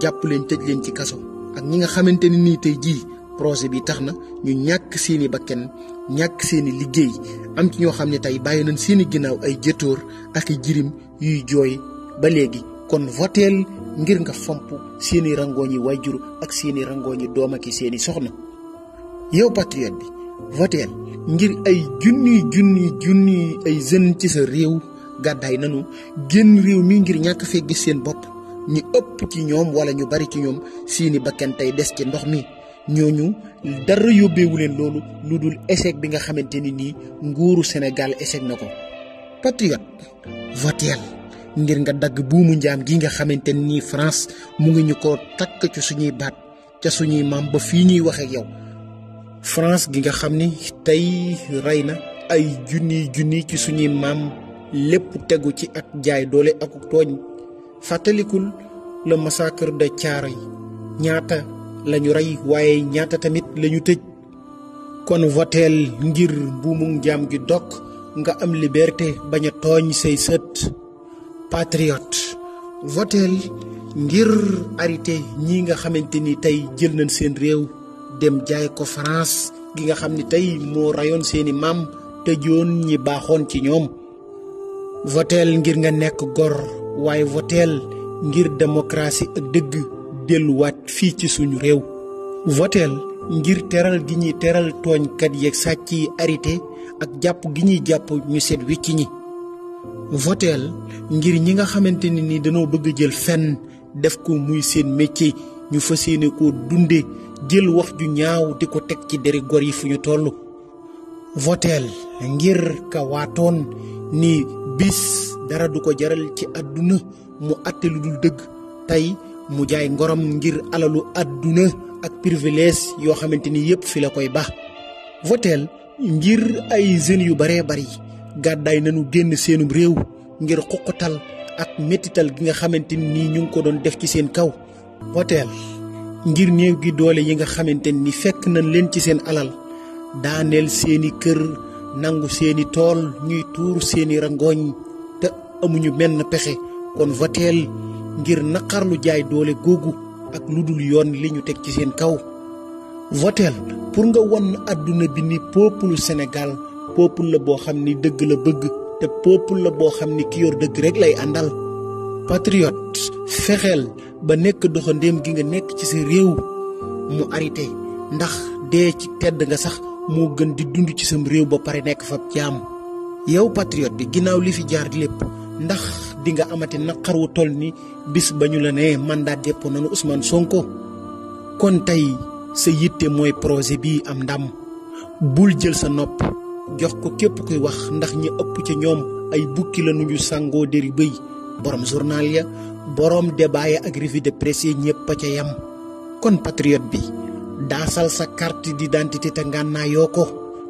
jàpp leen tëj leen ci kaso ak ñi nga xamante ni nii tey projet bi tax ñu ñàkk seeni bakken ñàkk seeni liggéey am ci ñoo xam ne tey nañ seeni ay jëtóor ak jirim yuy ba kon voteel ngir nga fomp seeni rangoo ñi ak seeni rangoo doma doom ak seeni soxna yow patriote bi ngir ay junni junni junni ay jeune ci sa réew gaday nanu génn réew mi ngir ñàkk fee seen ñi ëpp ci ñoom wala ñu bari ci ñoom seeni bakkan tey des ci ndox mi ñooñu dara yóbbeewu leen loolu lu dul échec bi nga xamante ni nii nguuru sénégal échec na ko patriote votel ngir nga dagg buumu njaam gi nga xamante ni france mu ngi ñu ko takk ci suñuy baat ca suñuy maam ba fii ñuy wax ak yow france gi nga xam ni tey rey na ay junni junni ci suñuy maam lépp tegu ci ak jaay doole ak tooñ fàttalikul le massacre de Thiaroye ñaata lañu rey waaye ñaata tamit lañu tëj kon voteel ngir buumu jaam gi dokk nga am liberté bañ a tooñ say sët patriote voteel ngir arrêté ñi nga xamante ni tey jël nañ seen réew dem jaay ko France gi nga xam ni tey moo rayoon seeni maam tëjoon ñi baaxoon ci ñoom voteel ngir nga nekk gor waaye voteel ngir démocratie ak dëgg delluwaat fii ci suñu réew votel ngir teral gi ñuy teral tooñkat yeeg sàcc yi arité ak jàpp gi ñuy jàpp ñu seet wicc ñi voteel ngir ñi nga xamante ne ni dañoo bëgg jël fenn def ko muy seen métier ñu fas yéene koo dunde jël wax ju ñaaw di ko teg ci deri gor yi fu ñu toll votel ngir ka waatoon ni bis dara du ko jaral ci àdduna mu àtte lu dul dëgg tey mu jaay ngorom ngir alalu àdduna ak privilège yoo xamante ni yëpp fi la koy baax voteel ngir ay jeunes yu baree bari gàddaay nañu génn seenum réew ngir xuqutal ak métital gi nga xamante ni ñu ngi ko doon def ci seen kaw voteel ngir néew gi doole yi nga xamante ni fekk nañ leen ci seen alal daaneel seeni kër nangu seeni tool ñuy tuur seeni rangooñ te amuñu menn pexe kon voteel ngir naqarlu jaay doole googu ak lu dul yoon li ñu teg ci seen kaw voteel pour nga won àdduna bi ni peuple Sénégal peuple la boo xam ni dëgg la bëgg te peuple la boo xam ni ki dëgg rek lay àndal patriote fexeel ba nekk doxandéem gi nga nekk ci sa réew mu arité ndax dee ci tedd nga sax mo gën di dund ci sam réew ba pare nekk fa jaam yow patriote bi ginnaaw li fi jaar lépp ndax di nga amati naqar wu toll ni bis bañu la ne mandat dépôt nanu Ousmane Sonko kon tey sa yitte mooy projet bi am ndam bul jël sa nopp jox ko képp kuy wax ndax ñi ëpp ca ñoom ay bukki la nuñu sangoo deri bëy borom journal ya borom débat ya ak revue de presse ya ñëpp ca yam kon patriote bi Dasal sa carte d'identité te ngànnaayoo ko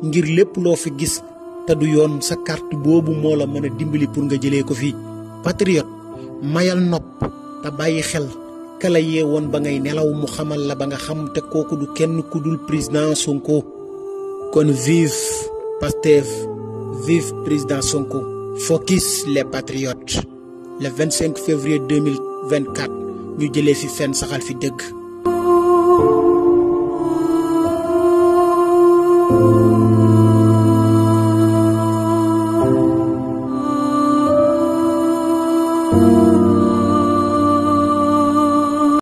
ngir lépp loo fi gis te du yoon sa carte boobu moo la mën a dimbali pour nga jëlee ko fi patriote mayal nopp te bàyyi xel kala yee ba ngay nelaw mu xamal la ba nga xam te kooku du kenn ku dul sonko kon vive pastef vive président sonko focus les patriotes le 25 février 2024 ñu jëlee fi fenn saxal fi dëgg